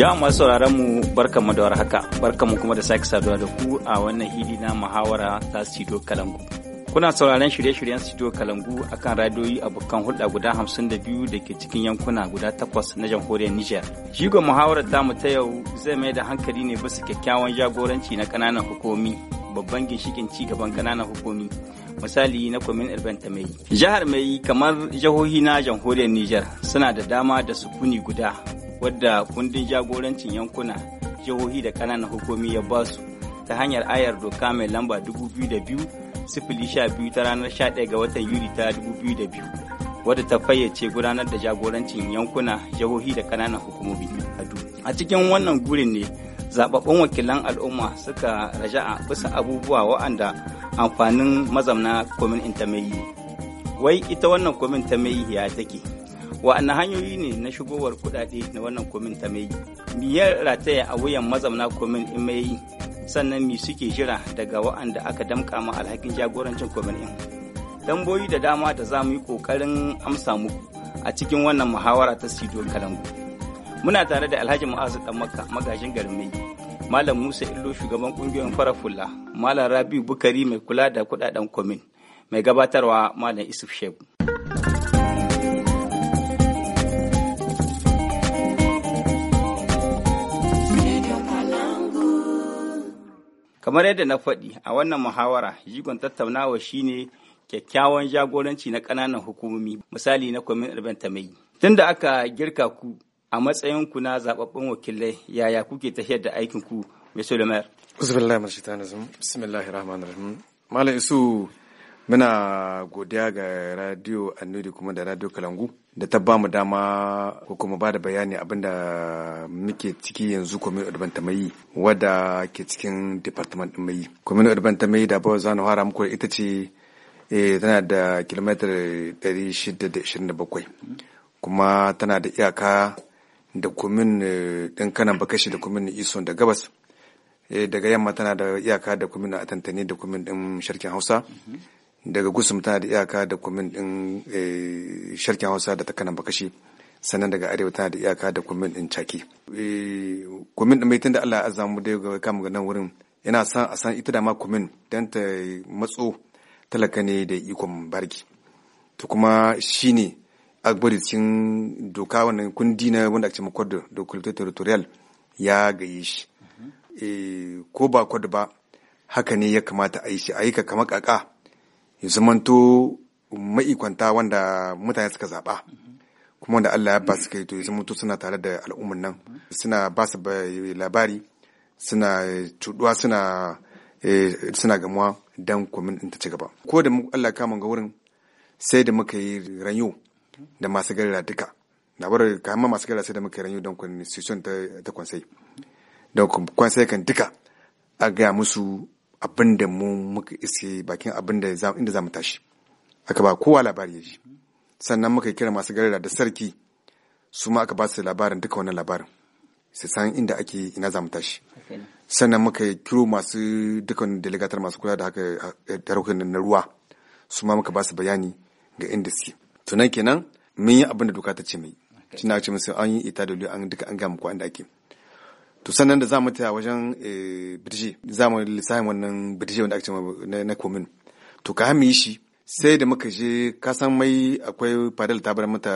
Jama'a masu sauraron mu mu da warhaka, mu kuma da sake saduwa da ku a wannan hili na muhawara ta Sido Kalangu. Kuna sauraron shirye-shiryen Sido Kalangu akan radiyoyi abokan hulɗa guda hamsin da biyu ke cikin yankuna guda takwas na jamhuriyar Nijar. Jigon muhawarar mu ta yau zai mai da hankali ne bisa kyakkyawan jagoranci na kananan hukumi, babban ginshikin ci gaban kananan hukumi. misali na kwamin ta mai jihar mai kamar jihohi na jamhuriyar nijar suna da dama da sukuni guda wadda kundin jagorancin yankuna jihohi da kananan hukumi ya ba su ta hanyar ayar doka mai lamba 2002 ta ranar 11 ga watan yuli ta 2002 wadda ta fayyace gudanar da jagorancin yankuna jihohi da kananan hukumomi a cikin wannan gurin ne zababbun wakilan al'umma suka raja a bisa abubuwa wa'anda amfanin mazamna komin yi wai ita wannan komin ta mai ya take wa'annan hanyoyi ne na shigowar kuɗaɗe na wannan komin ta mai biyar rataya a wuyan mazauna komin in mai sannan mi suke jira daga wa'anda aka damƙa ma alhakin jagorancin komin in tamboyi da dama da za mu yi ƙoƙarin amsa muku a cikin wannan muhawara ta sido kalangu muna tare da alhaji mu'azu dan makka magajin garin mai malam musa illo shugaban ƙungiyar farafulla malam rabi bukari mai kula da kuɗaɗen komin mai gabatarwa malam isuf shebu kamar yadda na faɗi a wannan muhawara jigon tattaunawa shine kyakkyawan jagoranci na ƙananan hukumomi misali na kwamin ta mai tun da aka girka ku a matsayin ku na zababbin wakilai yaya kuke tafiyar da aikin ku mai malam isu muna godiya ga radio annudi kuma da radio kalangu da ta ba mu dama ko kuma ba da bayani abinda muke ciki yanzu kwamin urban ta mai wadda ke cikin department din mai kwamin urban ta mai da bawa zanu hara muku ita ce eh, tana da kilometer 627 kuma tana da iyaka da kumin din eh, kanan bakashi da kumin ison da gabas eh, daga yamma tana da iyaka da kumin a tantane da kumin din sharkin hausa daga gusum tana da iyaka da kumin din eh, sharkin hausa da takanan bakashi sannan daga arewa tana da iyaka da kumin din caki eh, kumin din mai tun da allah azza mu dai ga kama ga nan wurin yana san a san ita da ma kumin dan ta matso talaka ne da ikon barki to kuma shine agbari cikin doka wannan kundi na wanda ake cewa da kulta territorial ya gaye shi mhm. eh, ko ba kwaddo ba haka ne ya kamata a yi shi a yi ka kama kaka ya zamanto ma'ikwanta wanda mutane suka zaɓa kuma wanda Allah ya ba su kai to ya zamanto suna tare da al'ummar nan suna ba su labari suna cuɗuwa suna eh, suna gamuwa dan kumin ɗin ta ci gaba ko da Allah kama ga wurin sai da muka yi ranyo da masu garira duka na k'a kama masu garira sai da muka yi ranyo don constitution ta kwansai don kwansai kan duka a gaya musu abin da mu muka isi bakin abin da inda za mu tashi aka ba kowa labari ya ji sannan muka kira masu garira da sarki su ma aka ba su labarin duka wannan labarin su san inda ake ina za mu tashi sannan muka kiro masu wani delegatar masu kula da haka harkokin na ruwa su ma muka ba su bayani ga inda suke tunan kenan mun yi abin da doka ta ce mai cina ce musu an yi ita da an duka an gamu ko inda ake to sannan da za mu ta wajen eh, birji za mu lissafin wannan birji wanda ake cewa na komin to ka hami shi sai da muka je kasan mai akwai fadal ta bar mata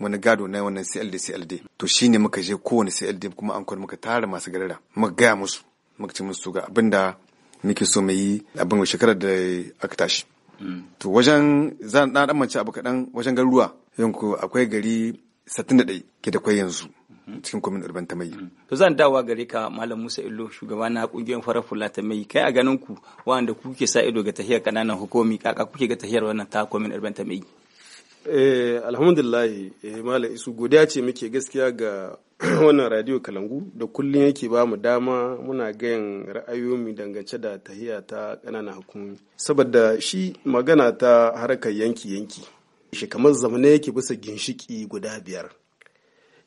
wani gado na wannan CLD CLD to shi ne muka je kowane CLD kuma an kwar muka tara masu garara muka gaya musu muka ce musu ga abin da muke so mai abin da shekarar da aka tashi hmm. to wajen za zan dan mace abu kaɗan wajen garuruwa yanku akwai gari 61 ke da kwai yanzu cikin kwamin urban ta mai mm. to zan dawa gare ka malam musa illo shugaba na kungiyar farar fula ta mai kai a ganin ku wanda kuke sa ido ga tahiyar kananan hukumi kaka kuke ga tahiyar wannan ta kwamin urban ta mai eh alhamdulillah eh malam isu godiya ce muke gaskiya ga wannan radio kalangu da kullun yake ba mu dama muna gayan ra'ayoyi dangance da tahiya ta kananan hukumomi saboda shi magana ta harkar yanki yanki shi kamar zamane yake bisa ginshiki guda biyar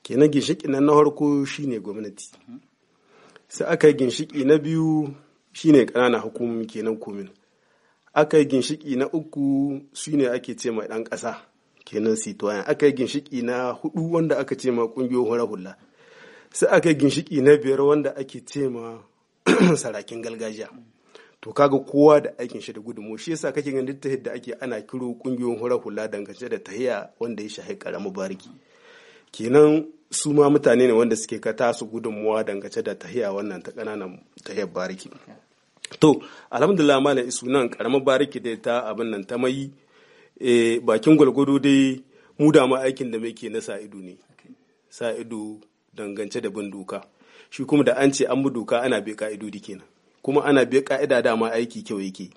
kenan ginshiƙi na farko shine gwamnati sai aka yi ginshiƙi na biyu shine kananan hukumomi kenan komin aka yi ginshiƙi na uku shine ake ce mai ɗan ƙasa kenan sitoyan aka yi ginshiƙi na hudu wanda aka ce ma kungiyoyin hura hula sai aka yi ginshiƙi na biyar wanda ake ce ma sarakin gargajiya to kaga kowa da aikin shi da gudunmu shi yasa kake ganin duk da ake ana kiro kungiyoyin hura hula dangance da tahiya wanda ya shahi karamu bariki kenan su ma mutane ne wanda suke ka tasu gudunmuwa dangace da tahiya wannan ta ƙananan tahiyar bariki to alhamdulillah malam isu nan karamar bariki dai ta abin nan ta mai eh, bakin gwalgwado dai mu da ma aikin da muke na sa ido ne sa ido dangance da bin doka shi kuma da an ce an bi doka ana bi ka'idodi kenan kuma ana bi ka'ida dama aiki kyau yake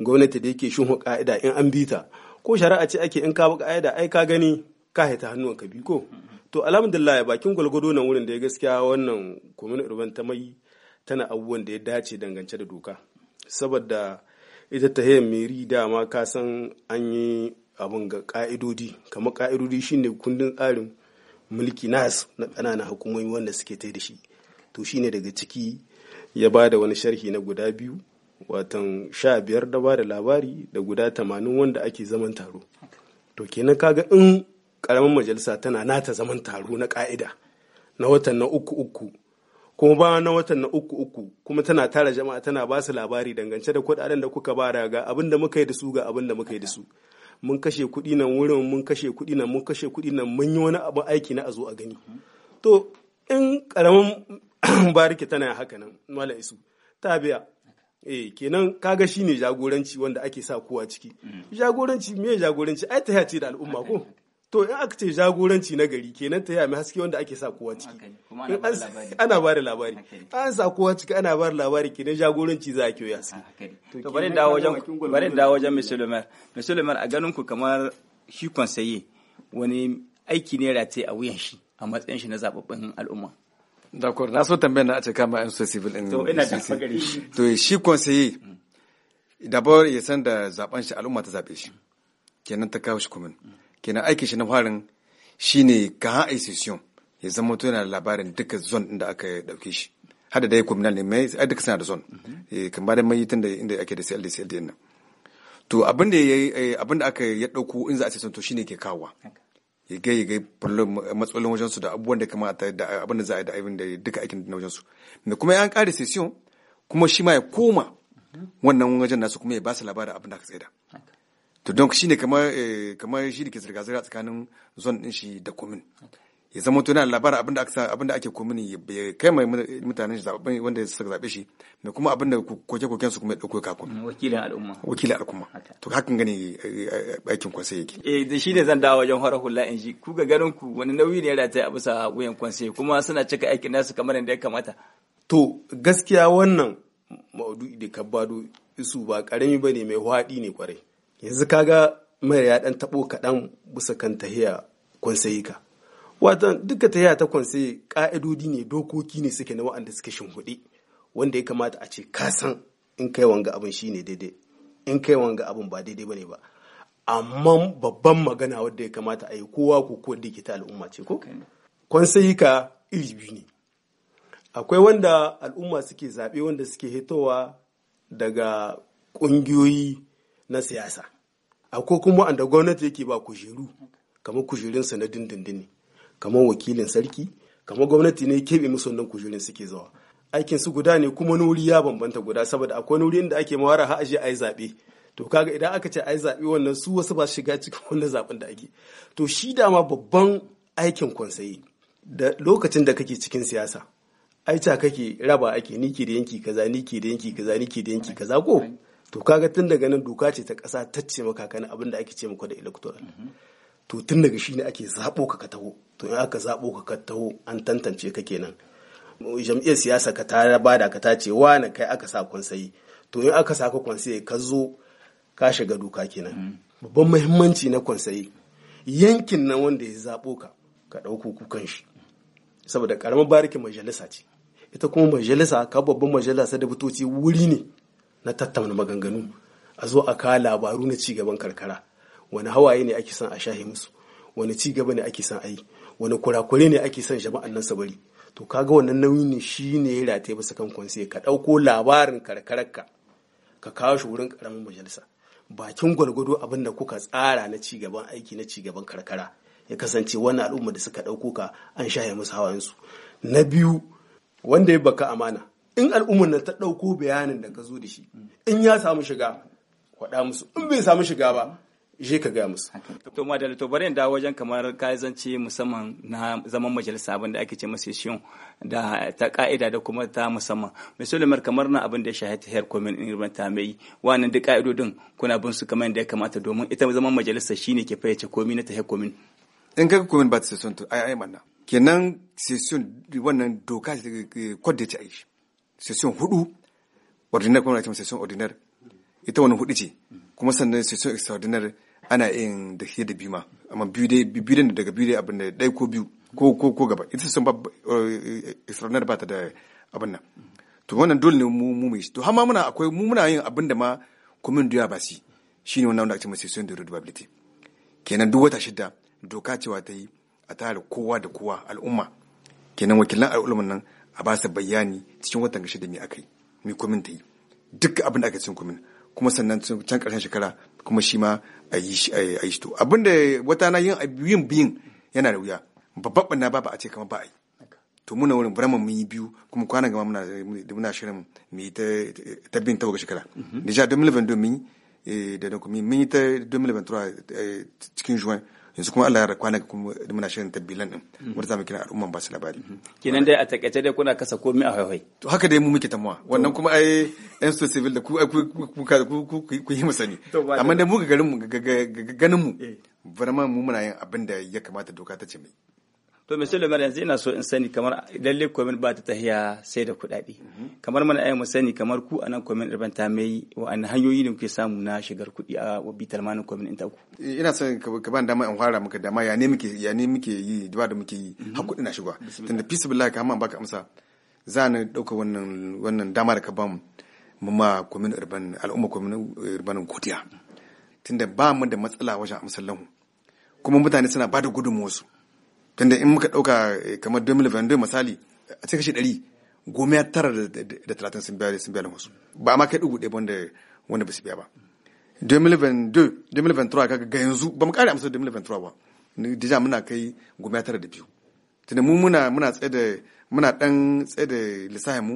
gwamnati da yake shin ka'ida in an bi ta ko shari'a ce ake in ka bi ka'ida ai ka gani ka haita ka bi ko to alhamdulillah bakin gwalgwado nan wurin da ya gaskiya wannan kumin urban ta mai tana abubuwan da ya dace dangance da doka saboda ita ta meri dama ka san an yi abin ga ka'idodi kamar ka'idodi shine kundin tsarin mulki nas na ƙananan hukumomi wanda suke ta da shi to shine daga ciki ya ba da wani sharhi na guda biyu watan sha biyar da ba da labari da guda tamanin wanda ake zaman taro to kenan kaga in karamin majalisa tana nata zaman taro na ka'ida na watan na uku uku kuma ba na watan na uku uku kuma tana tara jama'a tana ba su labari dangance da kuɗaɗen da kuka ba ga abin da muka yi da su ga abin da muka yi da su mun kashe kuɗi nan wurin mun kashe kuɗi nan mun kashe kuɗi nan mun yi wani abu aiki na a zo a gani to in karamin bariki tana haka nan mala isu ta biya eh kenan kaga shine jagoranci wanda ake sa kowa ciki mm. jagoranci me jagoranci ai ta ce da al'umma ko to in aka ce jagoranci na gari kenan ta yi mai haske wanda ake sa kowa ciki ana ba da labari an sa kowa ciki ana ba da labari kenan jagoranci za a kiyo haske to bari da wajen bari da wajen Mr. Lemar Mr. Lemar a ganin ku kamar shi konsaye wani aiki ne rataye a wuyan shi a matsayin shi na zababben al'umma D'accord, na so tambayar na a ce kama yan civil in To ina da fagari. To shi konsaye mm. dabar ya san da zaben shi al'umma ta zabe shi. Kenan ta kawo shi kuma mm. kenan aikin shi na farin shine ka a session ya zama to yana labarin duka zone din da aka dauke shi hada da ya communal ne mai ai duka suna da zone eh, ba da mai tun da inda ake da CLD CLD nan to abin da yayi eh, abin da aka ya dauko in za a session to shine ke kawo ya ga ya ga matsalolin wajen su da abubuwan da kamata da abin da za a yi da abin da duka aikin na wajen su me kuma ya an kare session kuma shi ma ya koma mhm. wannan wajen nasu kuma ya ba su labarin abin da aka tsaida to don shine kamar eh, kamar shi da ke zirga zirga tsakanin zon din shi da komin ya zama to yana labarin abin da aka abin ake komin ya kai mai mutanen shi zaɓen wanda suka zaɓe shi mai kuma abin da koke koken su kuma ya ɗauko ka kuma mm, wakilin al'umma wakilin al'umma to hakan gani eh, eh, aikin kwanse yake eh da shi ne zan dawo wajen horar hula in ji ku ga ganin ku wani nauyi ne ya rataye a bisa wuyan kwanse kuma suna cika aikin nasu kamar yadda ya kamata to gaskiya wannan maudu'i da kabbado isu ba karami bane mai hwaɗi ne kwarai yanzu kaga mai ya dan tabo kaɗan bisa kan tahiya kwansayi ka watan duka tahiya ta kwansayi ƙa'idodi ne dokoki ne suke na wa'anda suke shimfiɗe wanda ya kamata a ce ka san in kai wanga abin shi ne daidai in kai wanga abin ba daidai bane ba amma babban magana wadda ya kamata a yi kowa ko ko da ke ta al'umma ce ko kwansayi ka iri biyu ne akwai wanda al'umma suke zaɓe wanda suke hitowa daga ƙungiyoyi na siyasa akwai kuma wanda gwamnati yake ba kujeru kamar kujerunsa na dindindini kamar wakilin sarki kamar gwamnati ne keɓe musu wannan kujerun suke zawa aikin su guda ne kuma nuri ya bambanta guda saboda akwai nuri inda ake mawara har aje ayi zaɓe to kaga idan aka ce ayi zaɓe wannan su wasu ba shiga cikin wannan zaben da ake to shi dama babban aikin kwansayi da lokacin da kake cikin siyasa aita kake raba ake niki da yanki kaza niki da yanki kaza niki da yanki kaza ko to kaga tun daga nan doka ce ta ƙasa ta ce maka kana abin da ake ce maka da electoral to tun daga shi ne ake zaɓo ka ka taho to in aka zaɓo ka ka taho an tantance ka kenan jam'iyyar siyasa ka ta bada ka ta ce kai aka sa kwansayi to in aka sa ka kwansayi ka zo ka shiga doka kenan babban muhimmanci na kwansayi yankin nan wanda ya zaɓo ka ka ɗauko kukan shi saboda ƙaramin barikin majalisa ce ita kuma majalisa ka babban majalisa da butoci wuri ne na tattauna maganganu a zo a kawo labaru na cigaban karkara wani hawaye ne ake son a shahe musu wani cigaba ne ake son a yi wani kurakure ne ake son jama'an nan sabari to kaga wannan nauyi ne shi ne ya rataye bisa kan kwanse ka ɗauko labarin karkararka ka kawo shi wurin karamin majalisa bakin gwargwado abin da kuka tsara na cigaban aiki na cigaban karkara ya kasance wannan al'umma da suka ɗauko ka an shaye musu hawayensu na biyu wanda ya baka amana in al'ummar nan ta ɗauko bayanin da ka zo da shi in ya samu shiga kwaɗa musu in bai samu shiga ba je ka gaya musu. To madalla to bari da wajen kamar ka zance musamman na zaman majalisa abin da ake ce masa shiyon da ta ka'ida da kuma ta musamman. Misali mar kamar na abin da ya shahi ta tahiyar komin in irban ta mai wannan duk ka'idodin kuna bin su kamar yadda ya kamata domin ita zaman majalisa shine ke fayyace komi na ta tahiyar komin. In ka komin ba ta session to ai ai manna. Kenan session wannan doka ta kwadda ta yi. session hudu ordinary kuma na cewa session ordinary ita wani hudu ce kuma sannan session extraordinary ana yin da ke da biyu ma amma biyu dai biyu da daga biyu dai abin da ɗaya ko biyu ko ko ko gaba ita session ba extraordinary ba ta da abin nan to wannan dole ne mu mu mai to har ma muna akwai mu muna yin abin da ma kumin duya ba si shine wannan wanda ake cewa session de redevability kenan duk wata shida doka cewa ta yi a tare kowa da kowa al'umma kenan wakilan al'umman nan a ba su bayani cikin watan shida me aka yi me kwamin ta yi duk abin da aka cin kwamin kuma sannan can karshen shekara kuma shi ma a yi shi to abin da wata na yin yin biyin yana da wuya babban ɓanna ba ba a ce kamar ba a yi to muna wurin burama mun yi biyu kuma kwana gama muna da muna shirin mu yi ta bin ta shekara mhm. deja 2022 mun yi eh, da kuma mun yi ta 2023 eh, cikin juin yanzu kuma Allah ya kwana kuma muna shirin tabbilan din wanda zamu kira al'umman basu labari kenan dai a takaice dai kuna kasa komai a haihai to haka dai mu muke tamuwa wannan kuma ai yan so civil da ku ku ku yi musani amma dai mu ga garin mu ga ganin mu vraiment eh. mu muna yin abin da ya kamata doka ta ce mai to misali lamar yanzu ina so in sani kamar lalle komin ba ta tahiya sai da kuɗaɗe kamar mana ai mu sani kamar ku anan komin ɗarban ta mai wa'anne hanyoyi ne kuke samu na shigar kuɗi a bitar manin komin ɗin ku. Eh, ina son ka ban dama in fara maka dama ya ne muke ya ne muke yi da da muke yi mhm. har kuɗi na shiga tunda fi billahi ka baka amsa za ni ɗauka wannan wannan dama da ka bamu mu ma komin urban al'umma komin urban kudiya tunda ba mu da matsala wajen amsallan kuma mutane suna ba da gudunmuwarsu. su tunda in muka ɗauka eh, kamar 2022 misali a cikin shi dari goma tara da talatin sun biya sun biya wasu ba ma kai ɗugu ɗaya wanda wanda ba su biya ba 2022 2023 kaga ga yanzu ba mu ƙara amsa 2023 ba dija muna kai goma tara da biyu tunda mu muna muna tsaye da muna dan tsaye da lissafin mu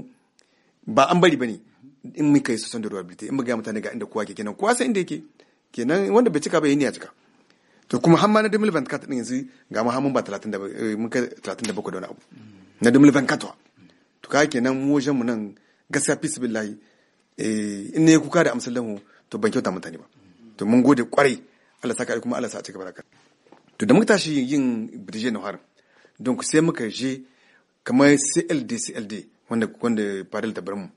ba an bari ba ne in kai yi sosan da ruwa in mu ga mutane ga inda kowa ke kenan kowa sai inda yake kenan wanda bai cika ba yi ni a cika to kuma hamma na 2024 din yanzu ga ma mun ba 37 eh, mun kai da wani abu na 2024 to ka kenan mu wajen mu nan gaskiya peace billahi eh in ne kuka da amsar lamu to ban kyauta mutane ba to mun gode kwarai Allah saka kuma Allah sa ci gaba da to da muka tashi yin bidije na har don sai muka je kamar CLD CLD wanda wanda Fadil ta bar mu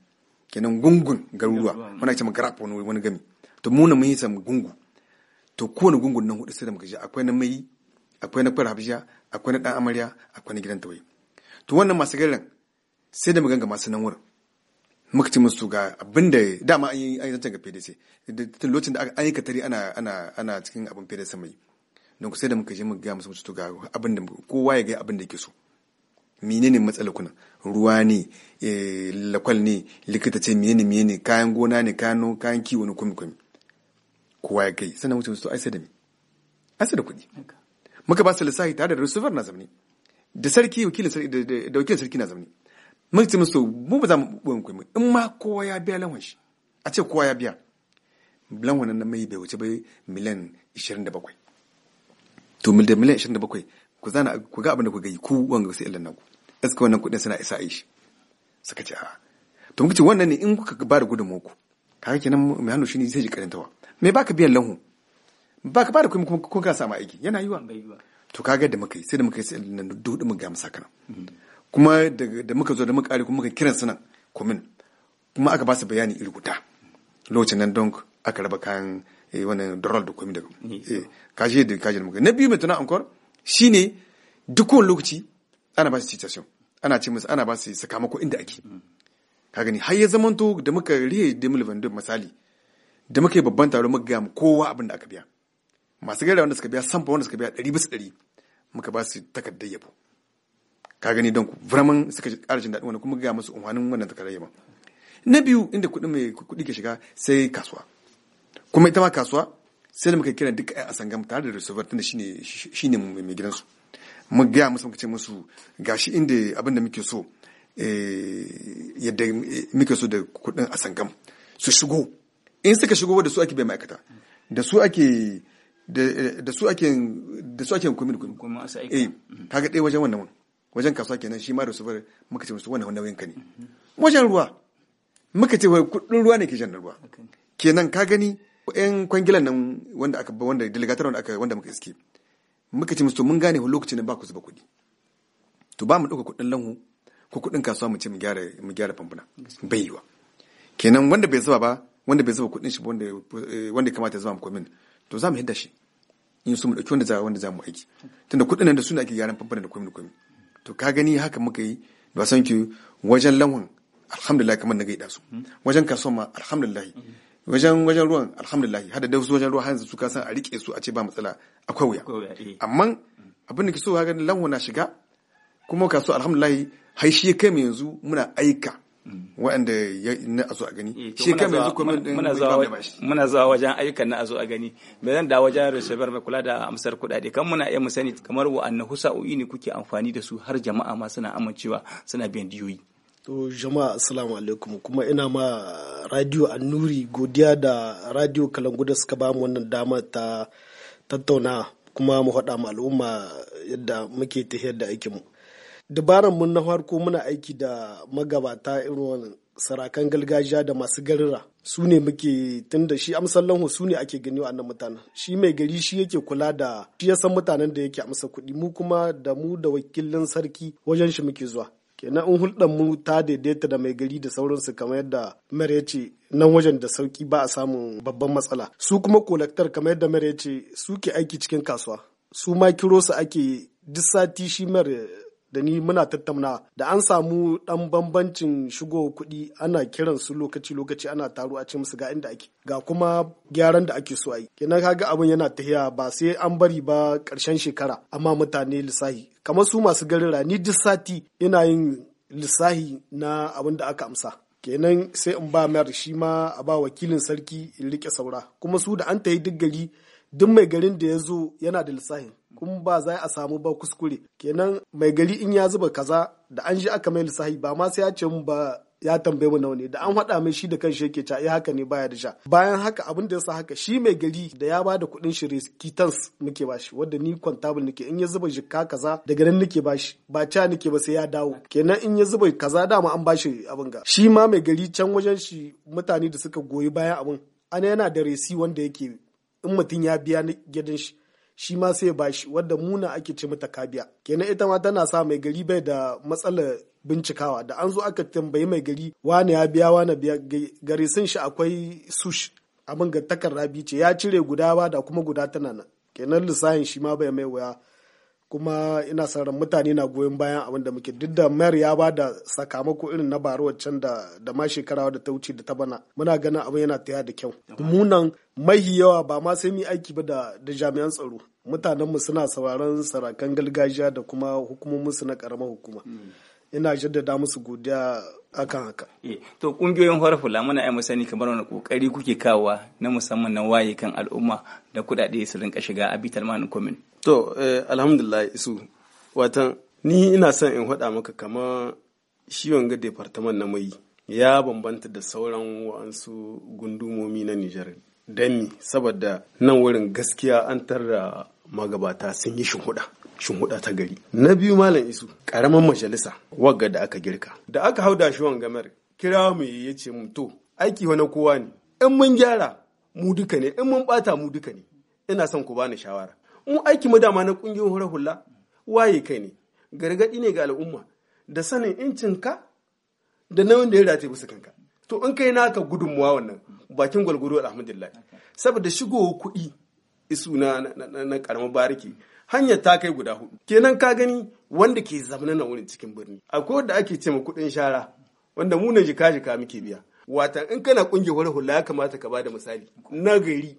kenan gungun garuruwa wanda ake magara wani wani gami to mu na mun yi sam gungu to kowane gungun nan hudu sai da muka akwai na mai akwai na kwar habsha akwai na dan amarya akwai na gidan tawaye to wannan masu garin sai da maganga masu nan wurin muka ci musu ga abin da dama an yi zancen ga pdc da lokacin da an yi katari ana ana ana cikin abin pdc mai don sai da muka je muka ga musu mutu ga abin da kowa ya ga abin da yake so menene matsalar kuna ruwa ne eh, lakwal ne likita ce menene menene kayan gona ne kano kayan kiwo ne kwami-kwami kowa ya kai sannan wuce su ai da mi ai da kuɗi muka ba su lissafi tare da rusufar na zamani da sarki wakilin sarki da wakilin sarki na zamani muka ce musu mu ba za mu boye mu in ma kowa ya biya lawan shi a ce kowa ya biya lawan nan mai bai wuce bai miliyan 27 to miliyan 27 ku zana ku ga abin da ku ga ku wanga sai illan naku iska wannan kuɗin suna isa aishi suka ce a to muka ce wannan ne in kuka ba da gudunmu ku kaga kenan mai hannu shi ne zai ji karantawa me baka biyan lahu baka ba da kuma kun ka samu aiki yana yiwa to kaga da muka yi sai da muka yi sai da dudu mu ga kana kuma da muka zo da muka kare kuma muka kiran suna kumin kuma aka ba su bayani iri guda lokacin nan don aka raba kayan eh, wannan dorol da kumin daga kaje da kaje da muka na biyu mai tuna ankor shine duk wani lokaci ana ba su citation ana ce musu ana ba su sakamako inda ake mm. ka gani har ya zamanto da muka rihe da milvan misali da muka yi babban taro muka gaya mu kowa abin da aka biya masu gaira wanda suka biya samfa wanda suka biya ɗari bisa ɗari muka ba su takardar yabo ka gani don vraiment suka ƙara jin daɗin wani kuma gaya musu umarnin wannan takardar yabo na biyu inda kuɗin mai kuɗi ke shiga sai kasuwa kuma ita ma kasuwa sai da muka kira duka a sangam tare da reservoir tunda shine shine mai gidansu mu gaya musu muka ce musu gashi inda abin da muke so eh, yadda eh, muke so da kuɗin a sangam su shigo in suka shigo da su ake bai ma'aikata da su ake da su ake da su ake hukumi da eh kaga dai wajen wannan wajen kasuwa kenan shi ma da su bar muka ce musu wannan nauyin ka ne wajen ruwa muka ce kudin ruwa ne ke jan ruwa kenan ka gani yan kwangilan nan wanda aka wanda delegator wanda aka wanda muka iske muka ce musu mun gane lokacin da ba ku zuba kuɗi to ba mu ɗauka kuɗin lanhu ko kuɗin kasuwa mu ce mu gyara mu gyara fanfuna bai yiwa kenan wanda bai zuba ba wanda bai zuba kuɗin shi wanda eh, wanda kamata ya mu kwamin to za mu hidda shi in su mu ɗauki wanda za wanda za mu aiki tunda kuɗin nan da su ne ake gyaran famfana da kwamin kwamin to ka gani haka muka yi ba san ki wajen lawan alhamdulillah kamar na gaida su wajen kasuwa ma alhamdulillah wajen wajen ruwan alhamdulillah hada da wajen ruwa hanzu su ka san a rike su a ce ba matsala akwai wuya eh. amma abin da ke so gani lawan na shiga kuma kasuwa alhamdulillah haishi kai mai yanzu muna aika waɗanda na azo a gani eh, shi kan yanzu muna zuwa muna zuwa wajen ayyukan na azo a gani me zan da wajen reservoir mai kula da amsar kudade kan muna iya mu sani kamar annahu husa'o'i ne kuke amfani da su har jama'a ma suna amincewa suna biyan diyoyi to jama'a assalamu alaikum kuma ina ma radio annuri godiya da radio kalanguda suka ba mu wannan dama ta tattauna kuma mu haɗa ma al'umma yadda muke tafiyar da aikinmu dabaran mun na farko muna aiki da magabata irin sarakan gargajiya da masu garira su ne muke tun da shi amsan lanho su ne ake gani wa mutanen shi mai gari shi yake kula da shi ya san mutanen da yake amsa kuɗi mu kuma da mu da wakilin sarki wajen shi muke zuwa kenan in hulɗar mu ta daidaita da mai gari da sauransu kamar yadda mayar ya ce nan wajen da sauki ba a samun babban matsala su kuma kolaktar kamar yadda mayar ya ce su ke aiki cikin kasuwa su ma kiro su ake duk sati shi mayar da ni muna tattauna da an samu dan bambancin shigo kuɗi ana kiran su lokaci lokaci ana taro a cikin musu ga inda ake ga kuma gyaran da ake so a yi kenan kaga abin yana tahiya ba sai an bari ba karshen shekara amma mutane lissahi kamar su masu garira ni duk sati ina yin lissahi na abin da aka amsa kenan sai in ba mayar shi ma a ba wakilin sarki in rike saura kuma su da an tahi duk gari duk mai garin da ya zo yana da lissahin kuma ba za a samu ba kuskure kenan mai gari in ya zuba kaza da an shi aka mai lissahi ba ma sai ya ce mu ba ya tambaye mu nawa ne da an haɗa mai shi da kanshi yake ca ya eh, haka ne baya da sha bayan haka abin da ya sa haka shi mai gari da ya ba da kuɗin shi nake ba bashi wanda ni kwantabul nake in ya zuba jikka kaza daga nan nake bashi ba ca nake ba sai ya dawo kenan in ya zuba kaza dama an ba shi abin ga shi ma mai gari can wajen shi mutane da suka goyi bayan abin ana yana da resi wanda yake in mutum ya biya gidan shi shi ma sai bashi wadda muna ake ce mata kabiya kenan ita ma tana sa mai gari bai da matsalar bincikawa da an zo aka tambayi mai gari wane ya biya wane biya gari sun shi akwai sush abin ga takarda ce ya cire guda ba da kuma guda tana nan kenan lissahin shi ma bai mai waya kuma ina sanar mutane na goyon bayan abin da muke duk da mayar ya ba da sakamako irin na baro waccan da ma shekara da ta wuce da ta bana muna ganin abin yana taya da kyau munan mahi yawa ba ma sai mu aiki ba da jami'an tsaro mutanenmu suna sauraron sarakan gargajiya da kuma hukumomin su na karamar hukuma. Hmm. ina jaddada musu godiya akan haka. Eh, to kungiyoyin horar hula muna yi musani kamar wani kokari kuke kawa na musamman na waye kan al'umma da kudade su rinka shiga a bitar manin komin. To eh, alhamdulillah isu watan ni ina son in faɗa maka kamar shi wanga departaman na mai ya bambanta da sauran wa'ansu gundumomi na Nijar. Dani saboda nan wurin gaskiya an tarra magabata sun yi shinhuda shinhuda ta gari na biyu malam isu karamin majalisa wagga da aka girka da aka hau da shuwan gamar kira mu ya ce mu to aiki wani kowa ne in mun gyara mu duka ne in mun bata mu duka ne ina son ku bani shawara mu aiki mu dama na kungiyoyin hura waye kai ne gargadi ne ga al'umma da sanin incinka da nauyin da ya rataye bisa kanka to in kai naka gudunmuwa wannan bakin gwalgwaro alhamdulillah saboda shigo kuɗi isu na karamar bariki hanyar ta kai guda hudu kenan ka gani wanda ke zamana na wurin cikin birni akwai wanda ake ce ma kuɗin shara wanda mu na jika jika muke biya watan in kana kungiyar hula ya kamata ka bada misali na gari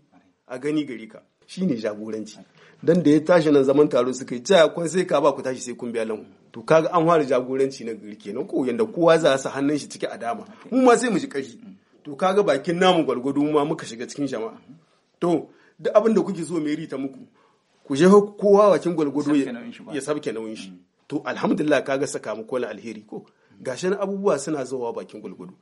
a gani gari ka shine jagoranci dan da ya tashi nan zaman taro suka yi cewa kun sai ka ba ku tashi sai kun biya lamu to kaga an fara jagoranci na gari kenan ko yanda kowa za su hannun shi ciki a dama mu ma sai mu ji kashi to kaga bakin namu gwargwado mu ma muka shiga cikin jama'a to duk abin da kuke so mai rita muku ku je kowa wakin gwalgwado ya sabke nauyin shi mm. to alhamdulillah kaga saka mu na alheri ko gashin abubuwa suna zuwa bakin gwalgwado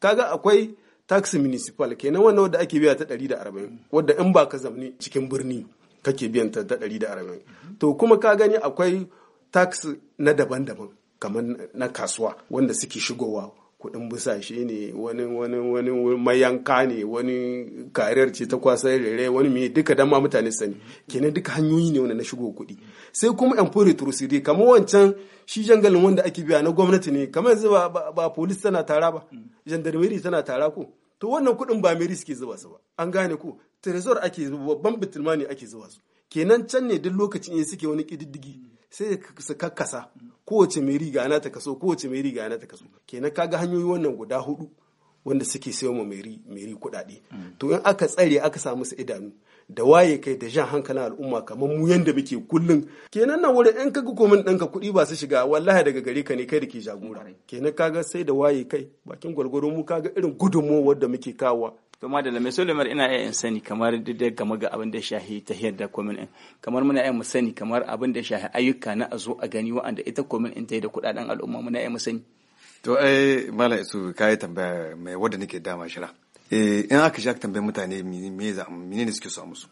kaga akwai tax municipal kenan wannan wanda ake biya ta 140 mm. wadda in ba ka zamne cikin birni kake biyan ta 140 to kuma ka gani akwai tax na daban-daban kamar na kasuwa wanda suke shigowa kuɗin busashe ne wani wani wani mayanka ne wani kariyar ce ta kwasa rere wani mai duka dama mutane sani kenan duka hanyoyi ne wanda na shigo kuɗi sai kuma yan fure turusiri kamar wancan shi jangalin wanda ake biya na gwamnati ne kamar yanzu ba ba tana tara ba jandarmeri tana tara ko to wannan kuɗin ba meri suke zuba su ba an gane ko tresor ake babban bitirmani ake zuba su kenan can ne duk lokacin in suke wani kididdigi sai su kakkasa kowace mai riga na ta kaso kowace mai riga na ta kaso kenan kaga hanyoyi wannan guda hudu wanda suke sayo ma mai ri kuɗaɗe mm. to in aka tsare aka samu su idanu da waye kai da jan hankalin al'umma kamar mu yanda muke kullun. kenan nan wurin in kaga komin ɗanka kuɗi ba su shiga wallahi daga gare ka ne kai da ke jagora kenan kaga sai da waye kai bakin gwalgwaro mu kaga irin gudunmu da muke kawa to ma da lamai solomar ina iya in sani kamar duk game ga abin da ya shahi ta hiyar da komin in kamar muna iya mu sani kamar abin da ya shahi ayyuka na a zo a gani wa'anda ita komin in ta yi da kudaden al'umma muna iya mu sani. to ai eh, malam isu ka yi tambaya mai wadda nake dama shira eh, in aka shaka tambayar mutane me za mene ne suke so musu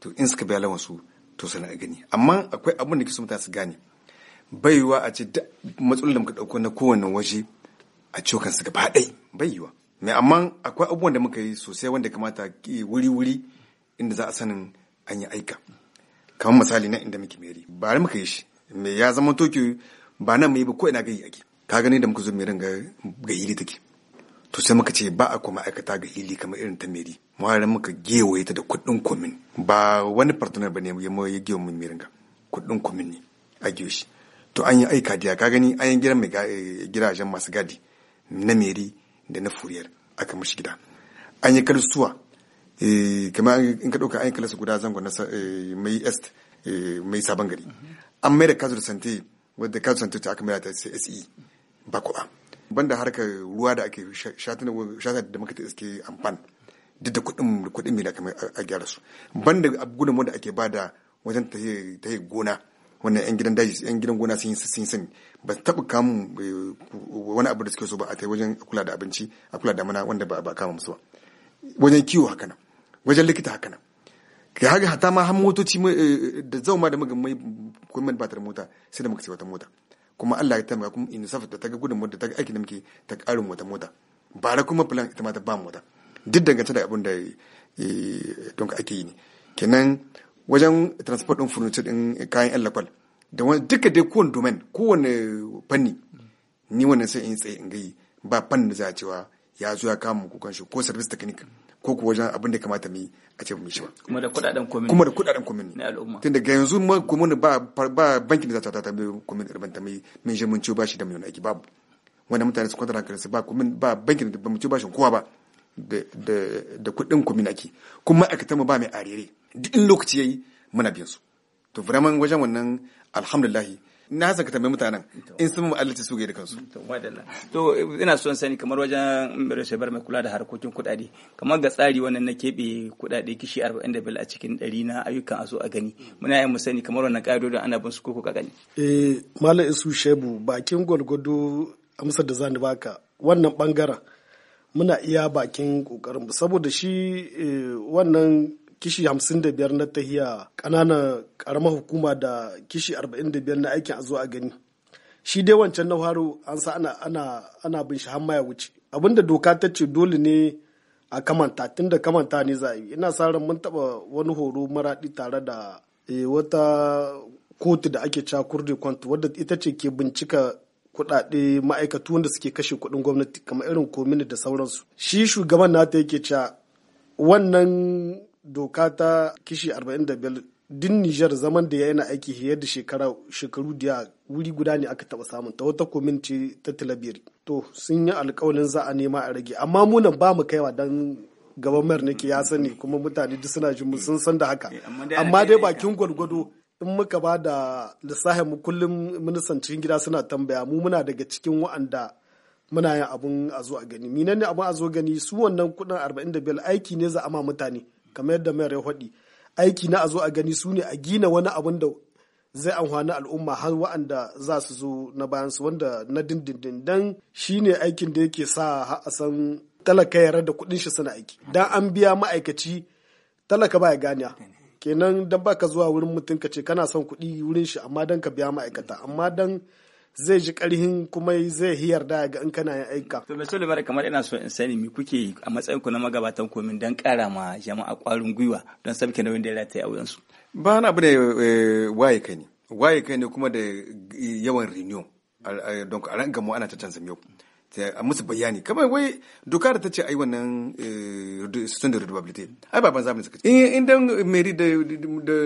to in suka bi alawan su to sana a gani amma akwai abin da ke so mutane su gane baiwa a ce duk matsalolin da muka dauko na kowane waje a kan su gaba ɗaya baiwa mai amma akwai abubuwan da muka yi sosai wanda kamata ki wuri-wuri inda za a sanin an yi aika kamar misali na inda muke meri ba muka yi shi me ya zama toki ba nan mai ba ko ina gayi ake ka gani da muka zo meri ga gayili take to sai muka ce ba a kuma aikata ga hili kamar irin ta meri muharin muka gewaye ta da kuɗin komin ba wani partner ba ne ya gewa mun meringa kuɗin komin ne a shi to an yi aika diya ka gani an yi gidan mai eh, gidajen masu gadi na meri da na furiyar aka mashi gida an yi kalsuwa eh, kamar in ka ɗauka an yi kalsu guda zangon na eh, mai est eh, mai sabon gari an mai da kazu da sante wadda kazu sante ta aka mai da se ba kuwa banda harkar ruwa da ake shata da muka ta iske amfan duk da kuɗin kuɗin mai da aka a gyara su banda gudunmu da ake bada wajen ta yi gona wannan yan gidan daji yan gidan gona sun sun sani ba taɓa kamun eh, wani abu da suke so ba a tai wajen kula da abinci a kula da mana wanda ba kama musu ba wajen kiwo haka nan wajen likita haka nan kai haka hata ma har motoci eh, da ma da magamai kuma ba ta mota sai da muka sai wata mota kuma Allah ya taimaka kuma in safa ta ga gudun mota ta ga aikin da muke ta karin wata mota bara kuma plan ita ma ta ba mota duk dangance da abin da eh, don ka ake yi ne kenan wajen transport ɗin furniture ɗin kayan yan lakwal da wani duka dai kowane domain kowane fanni ni wannan sai in tsaye in gayi ba fannin da za a cewa ya zo ya kama kukan shi ko service technique ko kuwa wajen abin da kamata mu yi a ce mu shi ba kuma da kuɗaɗen komini kuma da kudaden komini na al'umma tunda ga yanzu ma komini ba ba bankin da za ta ta mai komini irban ta mai min shi mun ba shi da miliyan aiki babu wanda mutane su kwantar hankalinsu ba komin ba bankin da ba mu Ba shi kowa ba da kuɗin ku minaki kuma ma'aikatan mu ba mai arere duk in lokaci yayi muna biyan su to vraiment wajen wannan alhamdulillah na san ka tambayi mutanen in sun mu allace su da kansu to ina son sani kamar wajen rashabar mai kula da harkokin kuɗaɗe kamar ga tsari wannan na keɓe kuɗaɗe kishi 45 a cikin ɗari na ayyukan a zo a gani muna yin mu sani kamar wannan ƙa'idodin ana bin su koko ka gani eh malam isu shebu bakin gwalgwado amsar da zani baka wannan bangaren muna iya bakin kokarin saboda shi eh, wannan kishi 55 na tahiya ƙananan ƙaramar hukuma da kishi 45 na aikin a zo a gani shi dai wancan na haro an sa ana ana ana bin shi har ya wuce abinda doka ta ce dole ne a kamanta tunda kamanta ne za a yi ina sa ran mun taba wani horo maraɗi tare da eh, wata kotu da ake cakur da kwanto wadda ita ce ke bincika kuɗaɗe ma'aikatu wanda suke kashe kuɗin gwamnati kamar irin komini da sauransu shi shugaban nata yake cewa wannan doka ta kishi 45 din Nijar zaman da ya yana aiki fiye da shekara shekaru da wuri guda ne aka taba samun ta wata komin ce ta talabir to sun yi alkawalin za a nema a rage amma munan ba mu kaiwa dan gaban mayar nake ya sani kuma mutane duk suna jin sun san da haka eh, amma dai bakin gwargwado in muka ba da lissahin mu kullum ministan cikin gida suna tambaya mu muna daga cikin wa'anda muna yin abun a zo a gani minan ne abun a zo gani su wannan kudin 45 aiki ne za a ma mutane kamar yadda mayar ya faɗi aiki na a zo a gani su ne a gina wani abun da zai amfani al'umma har wa'anda za su zo na bayan su wanda na dindindin dan shine aikin da yake sa a san talaka ya da kudin shi suna aiki dan an biya ma'aikaci talaka ya ganiya kenan dan baka zuwa wurin mutum ka ce kana son kuɗi wurin shi amma dan ka biya ma'aikata amma dan zai ji karhin kuma zai yarda ga in kana yin aika. To mai Sulemar kamar ina so in sani mi kuke a matsayin ku na magabatan komin dan kara ma jama'a kwarin gwiwa don sabke nauyin da ya rataye a su. Ba na abu da eh, waye kai ne. Waye kai ne kuma da yawan renew. Donc a ana ta canza miyau. a musu bayani kamar wai doka da ta ce ai wannan eh, standard rehabilitate ai ba ban zamani suka ce in dan meri da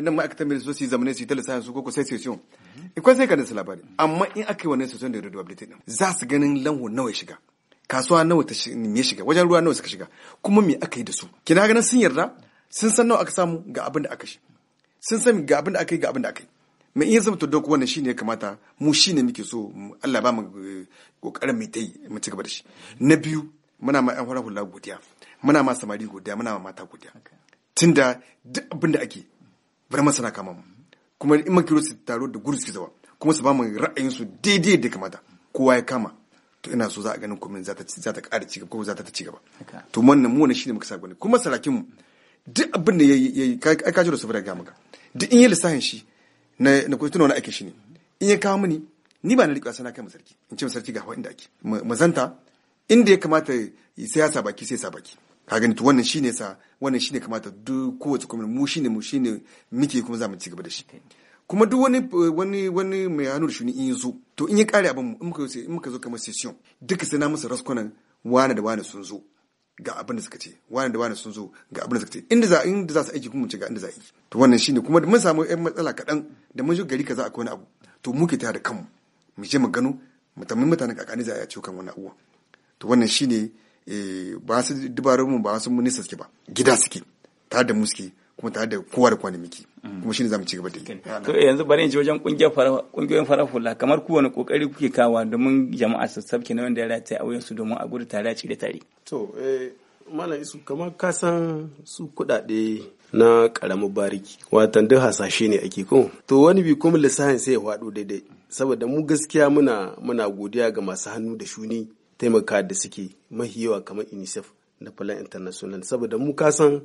nan ma'aikata meri su su zamane su yi talasa su koko sai su yi ikon mm-hmm. sai ka nasa labari amma in aka yi wannan standard din za su ganin lanwo nawa shiga kasuwa nawa ta me shiga wajen ruwa nawa suka shiga kuma me aka yi da su kina ganin sun yarda sun san nawa aka samu ga abin da aka shi sun san ga abin da aka yi ga abin da aka yi me in zama duk wannan shine ya kamata mu shine muke so Allah ba mu eh, kokarin mu tai mu ci gaba da shi na biyu muna ma yan hula godiya muna ma samari godiya muna ma mata godiya tunda duk abin da ake bar masa na kama mu kuma in mun kiro su taro da gurus zawa kuma su ba mu ra'ayin su daidai da kamata kowa ya kama to ina so za a ganin komin zata zata za ta ƙara ci gaba ko zata ta ci gaba to wannan mu ne shine muka sa gani kuma sarakin mu duk abin da yayi ka ka jiro su fara ga maka duk in yi lissafin shi na na kuntuna wani ake shi ne in ya kawo mini ni ba na riƙa sana kai masarki in ce masarki ga hawa inda ake mazanta inda ya kamata sai ya sabaki sai ya sabaki ka gani to wannan shine sa wannan shine kamata duk kowace kuma mu shine mu shine muke kuma za mu ci gaba da shi kuma duk wani wani wani mai hannu da shuni in zo to in ya kare abin mu in muka zo kamar session duka sai na musu raskunan wane da wane sun zo ga abin da suka ce wani da wani sun zo ga abin da suka ce inda za inda za su aiki kuma ce ga inda za aiki to wannan shine kuma mun samu ɗan matsala kaɗan da mun shiga gari kaza akwai wani abu to mu ke tare da kanmu mu je mu gano mu tambayi mutane kani za a iya kan wani abu. to wannan shine eh, ba su dubarun mu ba su mun nisa suke ba gida suke tare da mu suke kuma tare da kowa da kwanan miki mm. kuma shine zamu ci gaba da yi to yanzu bari in ji wajen kungiyar fara kungiyoyin hula kamar ku kokari kuke kawa domin jama'a su sabke na wanda ya rata a wuyan su domin a gudu tare a cire tare to eh, malam isu kamar ka san su kuɗaɗe na karamin bariki watan duk hasashe ne ake ko to wani bi kuma lissafin sai ya faɗo daidai saboda mu gaskiya muna muna godiya ga masu hannu da shuni taimaka da suke mahiyawa kamar unicef da plan international saboda mu san.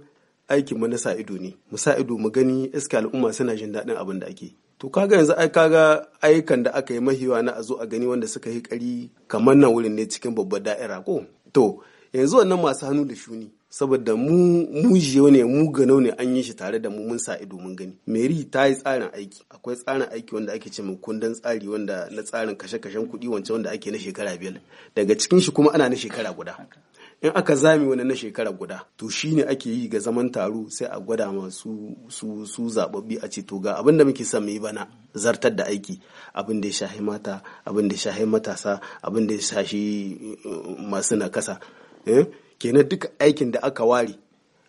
aikin mu na sa ido ne mu sa ido mu gani iska al'umma suna jin daɗin abin da ake to kaga yanzu ai kaga ayyukan da aka yi mahiwa na a zo a gani wanda suka yi kari kamar nan wurin ne cikin babbar da'ira ko to yanzu wannan masu hannu da shuni saboda mu mu jiyo ne mu gano ne an yi shi tare da mu mun sa ido mun gani mary ta yi tsarin aiki akwai tsarin aiki wanda ake ce kundin tsari wanda na tsarin kashe-kashen kuɗi wancan wanda ake na shekara biyar daga cikin shi kuma ana na shekara guda in aka zame wani na shekara guda to shi shine ake yi ga zaman taro sai a gwada masu su su zababbi a ce to ga abin da muke son mu yi bana zartar da aiki abin da ya shahi mata abin da ya shahi matasa abin da ya shahi eh, masu na nakasa eh, kenan duka aikin da aka ware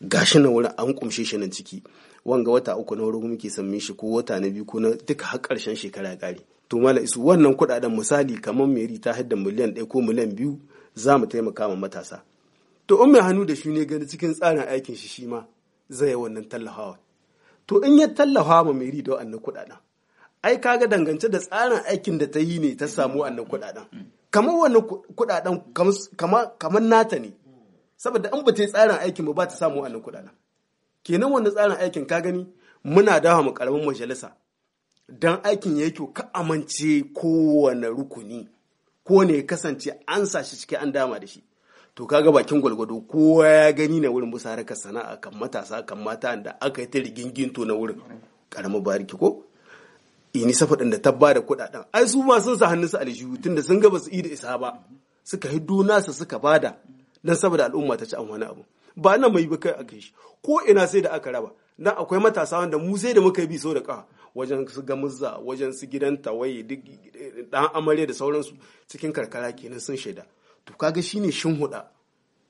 gashi na wurin an kumshe shi nan ciki wanga wata uku na wurin muke son shi ko wata na biyu ko na duka har karshen shekara kare to mala isu wannan kudaden misali kamar meri ta hadda miliyan ɗaya ko miliyan biyu za mu taimaka ma matasa to in mai hannu da shi ne gani cikin tsarin aikin shi shi ma zai wannan tallafawa to in ya tallafa ma mai rido annan kuɗaɗen ai kaga dangance da tsarin aikin da ta yi ne ta samu annan kuɗaɗen kamar wannan kuɗaɗen kamar nata ne saboda in ba ta yi tsarin aikin ba ta samu annan kuɗaɗen kenan wannan tsarin aikin ka gani muna dawa mu karamin majalisa dan aikin ya kyau ka amince kowane rukuni ko ne kasance an sa shi cike an dama da shi to kaga bakin gwalgwado kowa ya gani na wurin busa harkar sana'a kan matasa kan mata da aka yi ta riginginto na wurin karamin bariki ko ini eh, safa da ta ba da kuɗaɗen ai su ma sun sa hannun su aljihu tunda sun ga basu yi da isa ba suka hiddo nasa suka bada dan saboda al'umma ta ci an wani abu ba nan mai ba kai shi ko ina sai da aka raba dan akwai matasa wanda mu sai da muka bi sau da ka wajen su gamuzza wajen su gidan tawaye duk dan eh, amarya da sauransu cikin karkara kenan sun shaida to kaga shine shinhuda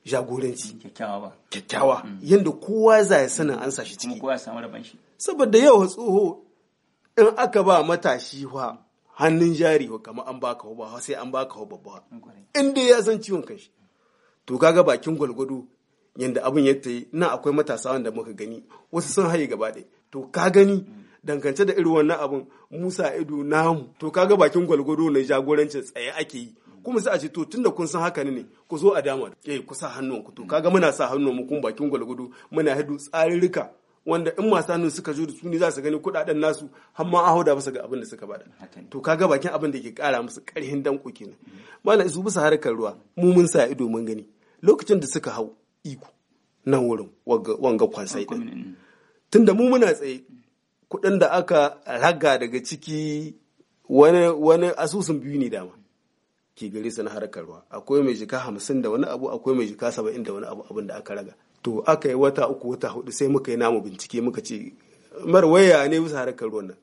jagoranci kyakkyawa yadda mm. kowa za ya sanin an sashi ciki saboda yau tsoho in aka ba matashi wa hannun jari wa kama an baka wa sai an baka wa babba in dai ya san ciwon kanshi to kaga bakin gwalgwado yadda abin ya tayi na akwai matasa wanda muka gani wasu sun haye gaba daya. to ka gani dangance da irin wannan abin musa ido namu to kaga bakin gwalgwado na jagorancin tsaye ake yi kuma sai a ce to tunda kun san haka ne ku zo a dama eh ku sa hannu ku to kaga muna sa hannu mu kun bakin gwalgwado muna hidu tsarirrika wanda in masu hannu suka zo da su ne za su gani kudaden nasu har ma aho da ga abin da suka bada to kaga bakin abin da ke kara musu karhin danko kenan malam isu bisa harkar ruwa mu mun sa ido mun gani lokacin da suka hau iko nan wurin wanga kwansai din tunda mu muna tsaye kuɗin da aka raga daga ciki wani asusun biyu ne dama ke gari su na harkar ruwa akwai mai jika hamsin da wani abu akwai mai jika saba'in da wani abu abin da aka raga to aka yi wata uku wata hudu sai muka yi namu bincike muka ce waya ne bisa harkar ruwan nan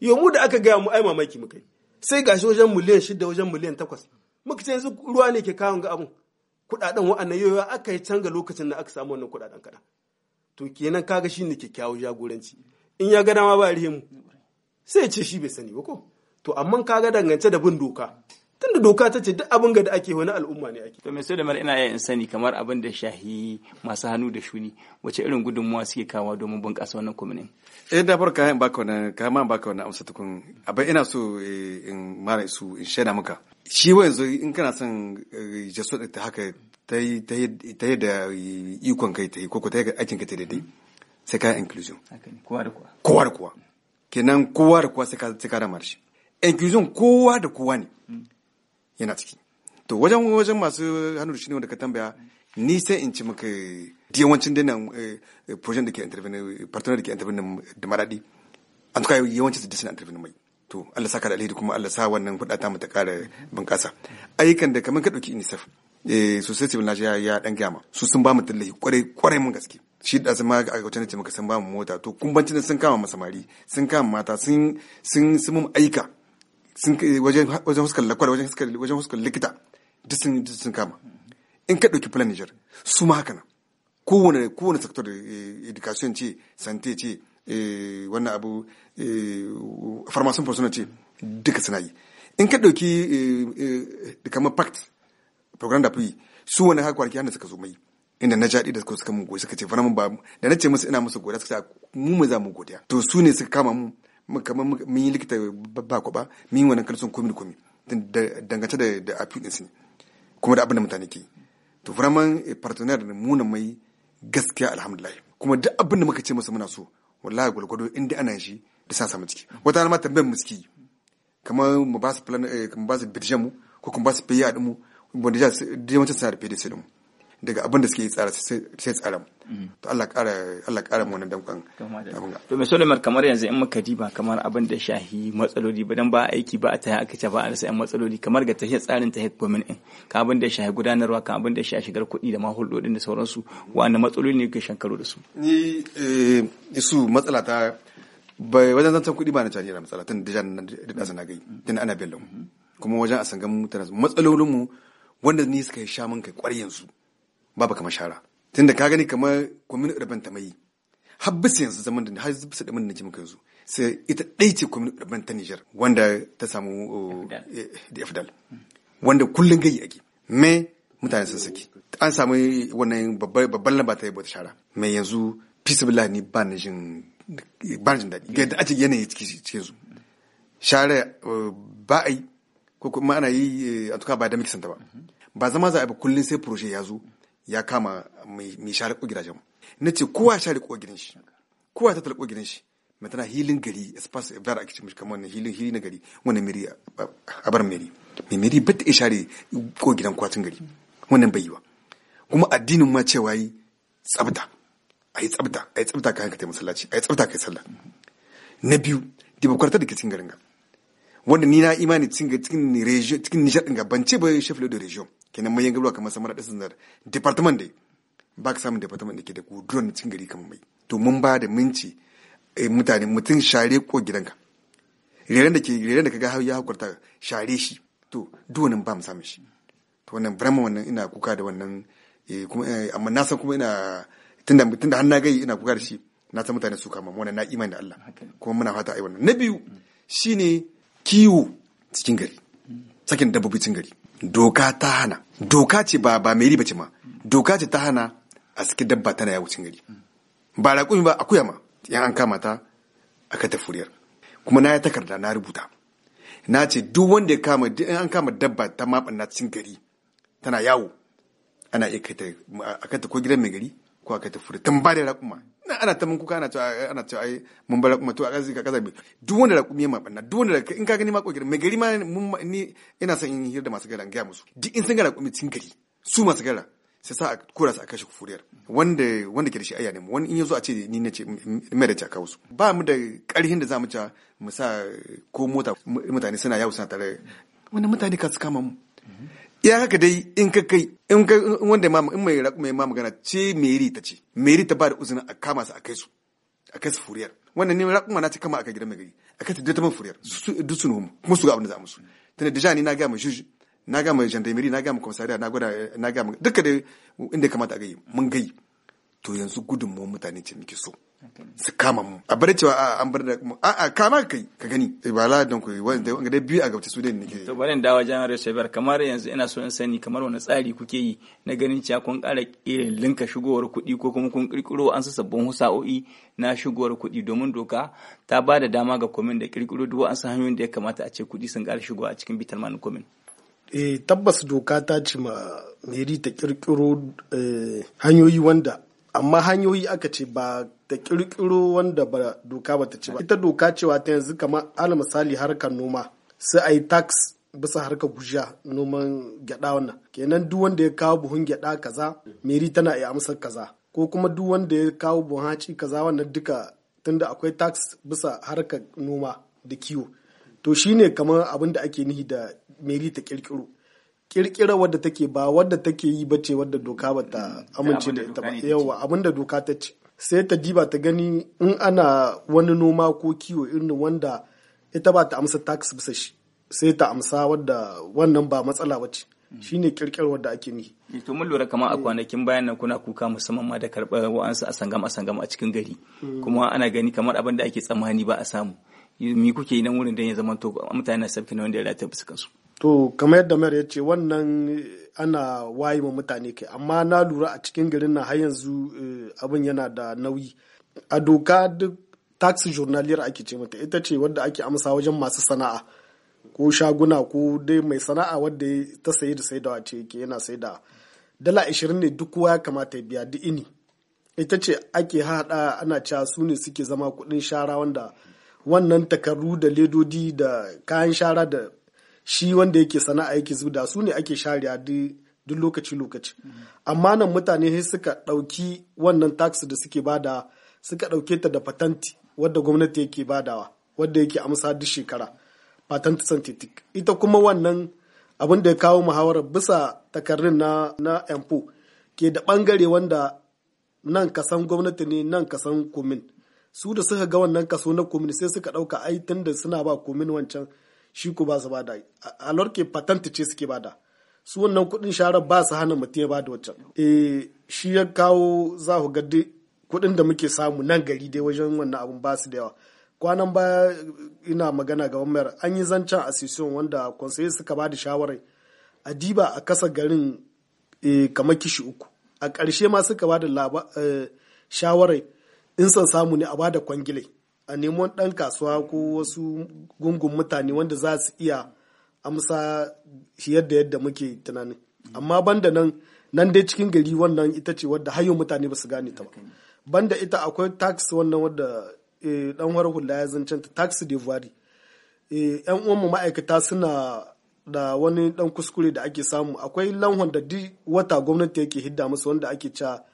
yau mu da aka gaya mu ai mamaki muka yi sai gashi wajen miliyan shida wajen miliyan takwas muka ce yanzu ruwa ne ke kawo ga abun kuɗaɗen wa'annan yau aka yi canza lokacin da aka samu wannan kuɗaɗen kaɗan to kenan kaga ne kyakkyawan jagoranci in ya ga dama ba rihimu sai ce shi bai sani ba ko to amma kaga dangance da bin doka tunda doka ta ce duk abin da ake wani al'umma ne ake. To sai da mara ina iya in sani kamar abin da shahi masu hannu da shuni wace irin gudunmuwa suke kawa domin bunƙasa wannan kwaminin. Eh da farka kayan baka wannan kama baka wannan amsa tukun abin ina so eh, in mara su in shaida maka. Shi wa yanzu in kana son eh, jaso ta haka ta yi da ikon kai ta yi ko ta yi aikin kai ta daidai sai ka inclusion. Kowa da kowa. Kowa da kowa. Kenan kowa da kowa sai ka da marshi. Inclusion kowa da kowa ne. yana ciki to wajen wajen masu hannu da shi ne wanda ka tambaya ni sai in ci maka yawancin dai nan eh, eh, projen da ke intervenin partner da ke intervenin da maradi an tuka yawancin su da suna intervenin mai to Allah saka da alheri kuma Allah sa wannan kudata mu ta kara bunƙasa ayyukan da kamar ka dauki UNICEF eh, sosai civil ya ya dan gama su sun ba mu tallafi kwarai kwarai mun gaske shi da zama ga aikata ce muka sun ba mu mota to kumbancin sun kama masamari sun kama mata sun sun sun mun aika sun wajen wajen huskar lakwal wajen huskar wajen huskar likita duk sun sun kama in ka dauki plan Niger su ma haka nan kowane kowane sector da eh, education ce santé ce eh, wannan abu farmasin eh, personnel ce duka suna yi in ka dauki kamar pact program da fi su wani haka kwarki hannun suka zo mai inda na jaɗi da suka mun goyi suka ce fara mun ba da na ce musu ina musu godiya suka ce mu mu za mu godiya to su ne suka kama mu kamar mun yi likita ba ku ba mun yi wannan kalson komi da komi dangance da da afiyu din ne kuma da abin da mutane ke to vraiment eh, partenaire da mu mai gaskiya alhamdulillah kuma duk abin da muka ce masa muna so wallahi gwalgwado inda ana shi da sa samu ciki wata ma tambayar mu ciki kamar mu ba su plan eh, mu ba su mu ko kuma ba su fiye a mu wanda ya yawancin suna da fiye da mu daga abin da suke yi tsara sai tsara to Allah kara Allah ƙara mu wannan dankon to me sole mar kamar yanzu in muka diba kamar abin da shahi matsaloli ba dan ba aiki ba a ta aka ce ba a rasa matsaloli kamar ga tahiyar tsarin ta tahiyar din ka abin da shahi gudanarwa ka abin da shahi shigar kuɗi da ma hulɗoɗin da sauransu wa'annan matsaloli ne ke shankaro da su ni eh su matsala ta bai wajen zancen kuɗi ba na cani da matsala tun da jan da ɗasa na gai tun ana bello kuma wajen a sangan mutane matsalolinmu wanda ni suka yi sha mun kai ƙwaryansu babu kamar shara tunda ka gani kamar kwamin urban ta mai habbis yanzu zaman da har bisa da mun jimka yanzu sai ita ɗai ce kwamin urban ta Niger wanda ta samu eh, da Afdal wanda kullum gayi ake me mutane sun saki an samu wannan babban lamba ta yi ta shara me yanzu fisibila ni ba na jin ba na jin daɗi ga yadda ake yanayi cikin cikin su share eh, ba a yi ko kuma ana yi eh, a tuka ba da muke santa ba ba zama za a yi ba kullum sai proje ya zo ya kama mai share ko gidajen na ce kowa ya share ko gidan shi kowa ta talko gidan shi mai tana hilin gari espace ever a kicin mishi kamar wannan hilin hili na gari wannan miri a bar miri mai miri bata ya share ko gidan kwatin gari wannan bai yi ba kuma addinin ma cewa yi tsabta a yi tsabta a yi tsabta ka hankali masallaci a yi tsabta ka yi sallah na biyu dimokuratar da ke cikin garin ga wanda ni na imani cikin nijar ɗin ga ban ce ba shafi da region kenan yankin ruwa kamar samar da sanar department dai ba ka samun department da ke da guduran na cikin gari kamar mai to mun ba da minci eh, mutane mutum share ko gidanka reren da ke reren da kaga ya hakurta share shi to duwanin ba mu samun shi to wannan vraiment wannan ina kuka da wannan eh, kuma eh, amma na san kuma ina tunda tunda har na gai ina kuka da shi na san mutane su kama wannan na imani da Allah kuma muna fata ai wannan na biyu shine kiwo cikin gari sakin dabbobi cikin gari doka ta hana doka ce ba ba mai ce ma doka ce ta hana a suke dabba tana yawo cikin gari ba raƙumi ba akuya ma yan an kama ta a kata furiyar kuma na ya takarda na rubuta na ce duk wanda ya kama duk an kama dabba ta na cikin gari tana yawo ana iya kai ta ko gidan mai gari ko a kata furiyar tun da raƙuma ana ta mun kuka ana cewa ana cewa ai mun bar to a kazi ka kaza bi duk wanda da kuma mai banna duk wanda in ka gani ma kokiri mai gari ma mun ni ina son in hira da masu gara ga musu duk in sun gara kuma cin gari su masu gara sai sa a kura su a kashe kufuriyar wanda wanda ke da shi ayya ne wani in yazo a ce ni ce mai da ka wasu ba mu da karhin da mu ca mu sa ko mota mutane suna yawo suna tare wani mutane ka su kama mu ya haka dai in ka kai in ka wanda ma in mai mai ma magana ce meri ta ce meri ta ba da uzunin a kama su a kai su a kai su furiyar wannan ne raƙuma na ta kama aka gidan mai gari a kai ta da ta ma furiyar duk su nomu kuma su ga abin da za su tana da ni na ga mai juju na ga mai gendarmerie na ga mai commissariat na gwada na ga mai duka dai inda kamata a gayi mun gayi to yanzu gudunmuwar mutane ce muke so su kama mu a bar cewa an bar da mu a a kama kai ka gani eh, ba la don ku wanda dai biyu a gabata su dai nake to bari dawo janar Shebar kamar yanzu ina so in sani kamar wani tsari kuke yi na ganin cewa kun ƙara irin linka shigowar kuɗi ko kuma kun ƙirƙiro an su sabbin sa'o'i na shigowar kuɗi domin doka ta ba da dama ga komin da ƙirƙiro duk an san hanyoyin da ya kamata a ce kuɗi sun ƙara shigowa a cikin bitar manu komin eh tabbas doka ta ce ma meri ta ƙirƙiro eh, hanyoyi wanda amma hanyoyi aka ce ba ta kirkiro wanda ba doka ba ta ce ba ita doka cewa ta yanzu kamar ala misali harkar noma sai a yi tax bisa harkar gujiya noman gyada wannan kenan duk wanda ya kawo buhun gyada kaza meri tana iya amsa kaza ko kuma duk wanda ya kawo buhun haci kaza wannan duka tunda akwai tax bisa harkar noma da kiwo to shine kamar abin da ake nihi da meri ta kirkiro kirkira wadda take ba wadda take yi bace wadda doka bata amince da ita ba yawa abinda doka ta ce sai ta diba ta gani in ana wani noma ko kiwo irin wanda ita ba ta amsa tax bisa shi sai ta amsa wadda wannan ba matsala ba ce hmm. shine kirkira wadda ake yi. Eh, to mun lura kamar a eh. kwanakin bayan nan kuna kuka musamman ma da karɓar wa'ansu a sangam a sangam a cikin gari hmm. kuma ana gani kamar abin da ake tsammani ba a samu mi kuke yi nan wurin dan ya zama to mutane na sabkin wanda ya rata bisa kansu to kamar yadda mayar ya ce wannan eh, ana waye ma mutane kai amma na lura a cikin garin na har yanzu eh, abin yana da nauyi a doka duk taxi journalier ake ce mata ita ce wadda ake amsa wajen masu sana'a ko shaguna ko dai mai sana'a wadda ta sayi da saidawa ce ke yana saidawa dala 20 ne duk kowa ya kamata ya biya duk ini ita ce ake hada ana cewa su ne suke zama kuɗin shara wanda wannan takardu da ledodi da kayan shara da shi wanda yake sana'a yake zuda su ne ake shari'a duk lokaci-lokaci amma nan mutane sai suka ɗauki wannan tax da suke bada suka ɗauke ta da patenti wadda gwamnati yake badawa wadda yake amsa duk shekara patent synthetic ita kuma wannan abin da ya kawo muhawarar bisa takarrin na na empo ke da bangare wanda nan kasan gwamnati ne nan kasan komin su da suka ga wannan kaso na komin sai suka ɗauka aitin da suna ba komin wancan shi ko ba su bada a lorke ce suke bada su wannan kudin sharar ba su hana mutum ya bada waccan eh shi ya kawo za ku ga kudin da muke samu nan gari dai wajen wannan abun ba su da yawa kwanan baya eh, ina magana ga mayar an yi zancen asisiyon wanda kwansaye suka bada shawarar a diba a kasa garin eh, kamar kishi uku a ƙarshe ma suka bada eh, shawarar in son samu ne a bada da a neman ɗan kasuwa ko wasu gungun mutane wanda za su iya amsa shi yadda yadda muke tunani amma banda nan nan dai cikin gari wannan ita ce wadda hayo mutane ba su gane ta ba banda ita akwai tax wannan wadda dan eh, war hula ya zancanta tax de vari yan uwanmu ma'aikata suna da wani dan kuskure da ake samu akwai lanhon da duk wata gwamnati yake hidda musu wanda ake cewa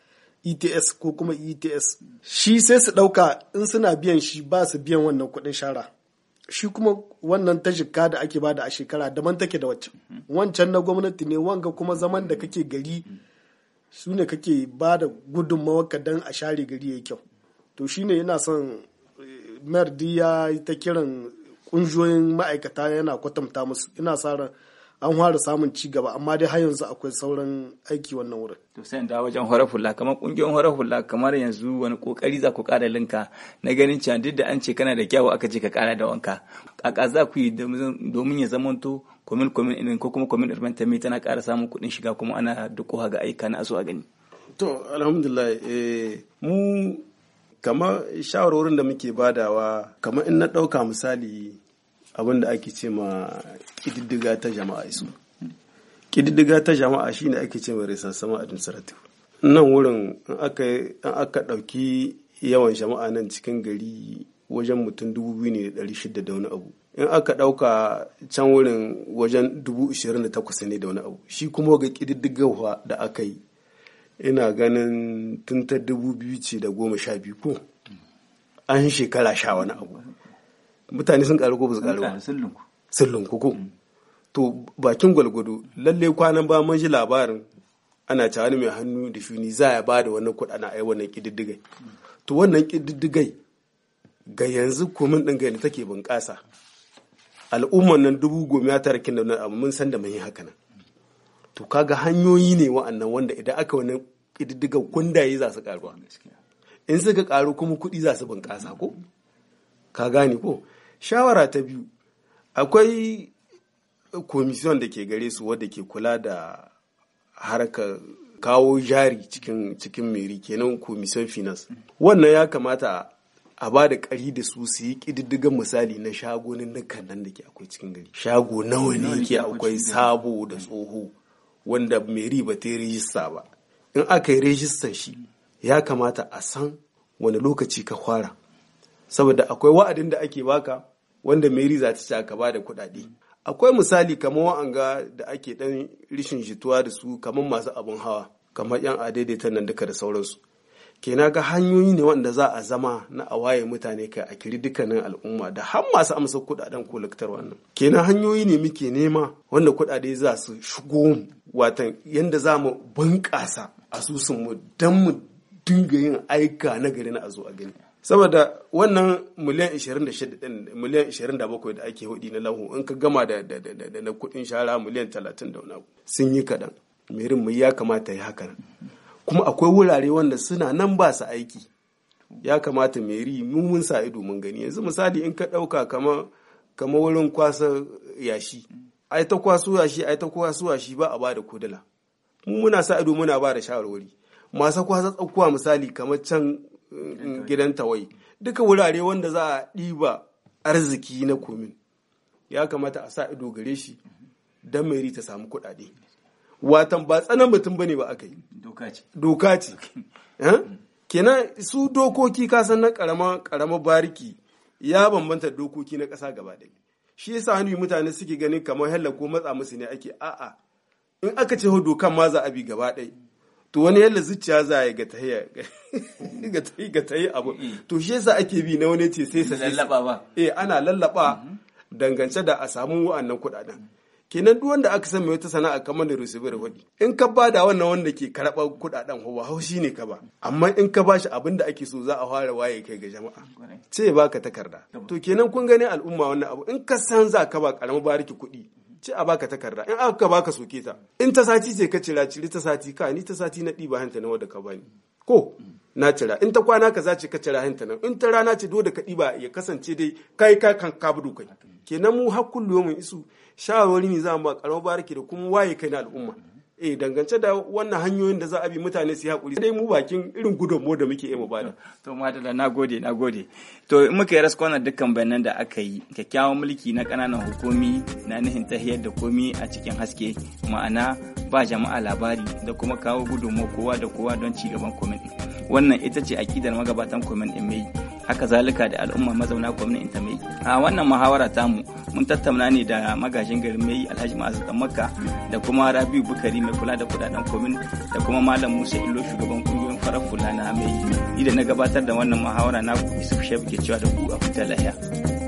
ETS ko kuma ETS shi sai su ɗauka in suna biyan shi ba su biyan wannan kuɗin shara shi kuma wannan ta jikka da ake bada a shekara daban take da waccan wancan na gwamnati ne wanga kuma zaman da kake gari su ne kake ba da gudunmawarka don a share gari ya kyau to shi ne yana son eh, mayar ta kiran kungiyoyin ma'aikata yana kwatanta musu ina sa ran an fara samun ci gaba amma dai har yanzu akwai sauran aiki wannan wurin to sai in dawo wajen horar hula kamar kungiyar horar hula kamar yanzu wani kokari za ku kara linka na ganin cewa duk da an ce kana da kyawu aka ce ka kara da wanka a za ku yi domin ya to komin komin irin ko kuma komin ta tami tana kara samun kuɗin shiga kuma ana dukoha ga aika na aso a gani to alhamdulillah eh, mu kamar shawarwarin da muke badawa kamar in na ɗauka misali abin da ake ce ma ƙididdiga ta jama'a isu ƙididdiga ta jama'a ne ake ce ma a dinsaratu nan wurin in aka ɗauki yawan jama'a nan cikin gari wajen mutum dubu biyu ne da shida da wani abu in aka ɗauka can wurin wajen dubu ishirin da takwas ne da wani abu shi kuma ga ƙididdigawa da aka yi ina ganin tun ta dubu biyu ce da goma sha biyu ko an shekara sha wani abu mutane sun karu ko ba su karu sun lunku ko mm. to bakin gwalgwado lalle kwanan ba mun ji labarin ana cewa mai hannu da fini za ya ba da wannan kuɗa ai wannan kididdigai to wannan kididdigai ga yanzu komin ɗin gani take bunƙasa al'ummar nan dubu goma ya tara kin nan amma mun san da mun yi haka nan to kaga hanyoyi ne wa'annan wanda idan aka wannan ƙididdiga gundaye za su karuwa in suka karu kuma kuɗi za su bunƙasa ko ka gane ko shawara ta biyu akwai komision da ke gare su wadda ke kula da harkar kawo jari cikin cikin meri kenan komisiyon finance wannan ya kamata a ba da kari da su su yi ƙididdigan misali na shagonin nan da ke akwai cikin gari shago nawa ne ke akwai sabo da tsoho wanda meri ba ta yi rijista ba in aka yi rijistar shi ya kamata a san wani lokaci ka fara saboda akwai wa'adin da ake baka wanda Mary za ta ci aka ba da kuɗaɗe. Akwai misali kamar wa'anga da ake ɗan rishin jituwa da su kamar masu abin hawa, kamar 'yan adaidaita nan duka da sauransu. Kenan ga hanyoyi ne wanda za a zama na a waye mutane kai a kiri dukkanin al'umma da har masu amsa kuɗaɗen kolaktar wannan. Kenan hanyoyi ne muke nema wanda kuɗaɗe za su shigo watan yanda za mu bunƙasa asusunmu don mu dinga yin aika na gari na a zo a gani. saboda wannan miliyan 26 miliyan 27 da ake hudi na lahu in ka gama da na kudin shara miliyan 30 da wani sun yi kadan merin mai ya kamata ya haka kuma akwai wurare wanda suna nan ba su aiki ya kamata meri mu mun sa ido mun gani yanzu misali in ka dauka kama kama wurin kwasa yashi ai ta kwasu yashi ai ta kwasu yashi ba a bada kudula mu muna sa ido muna bada shawarwari masu kwasa tsakuwa misali kamar can gidan mm, tawai duka wurare wanda za a ɗiba arziki na komin ya kamata a sa ido gare shi don mai ta samu kuɗaɗe watan ba tsanan mutum ne ba aka yi doka ce eh? kenan su dokoki kasan na karama bariki ya bambanta dokoki na ƙasa gaba ɗaya shi yasa hannu mutane suke ganin kamar hella ko matsa musu ne ake a'a in aka ce dokan ma za a bi gaba ɗaya to wani yalla zuciya za ya ga tahiya ga tahi ga tahi abu mm. to shi yasa ake bi na wani ce sai sa lallaba ba eh ana lallaba dangance da a samu wa'annan kudaden kenan duk wanda aka san mai wata sana'a kamar da rusubir hudi in ka ba da wannan wanda ke kudaden kuɗaɗen ba haushi ne ka ba amma in ka ba shi abin da ake so za a fara waye kai ga jama'a ce baka takarda to kenan kun gani al'umma wannan abu in ka san za ka ba karamin bariki kuɗi ci a baka takarda in aka baka soke ta in ta sati ce ka cira ciri ta sati ka ni ta sati na ɗiba hanta na wadda ka bani ko na cira in ta kwana ka zace ka cira hanta nan in ta rana ce dole ka ɗiba ya kasance dai kai ka kan ka budu kai kenan mu har kullu mun isu shawarwari ne za mu ba karamar baraki da kuma waye kai na al'umma eh dangance da wannan hanyoyin da za a bi mutane su haƙuri dai mu bakin irin gudunmu da muke yi mu bada to madalla nagode nagode to in muka yi raskonar dukkan bayanan da aka yi kyakkyawan mulki na ƙananan hukumi na nihin tahiyar da komi a cikin haske ma'ana ba jama'a labari da kuma kawo gudunmu kowa da kowa don ci gaban komin wannan ita ce aƙidar magabatan komin din mai haka zalika da al'umma mazauna gwamnan mai a wannan muhawara tamu mun tattauna ne da magajin garin mai alhaji ma'azu dan makka da kuma rabiu bukari mai kula da kudaden komin da kuma malam musa illo shugaban kungiyoyin farar fulana mai ni da na gabatar da wannan muhawara na ku su ke cewa da ku a huta lahiya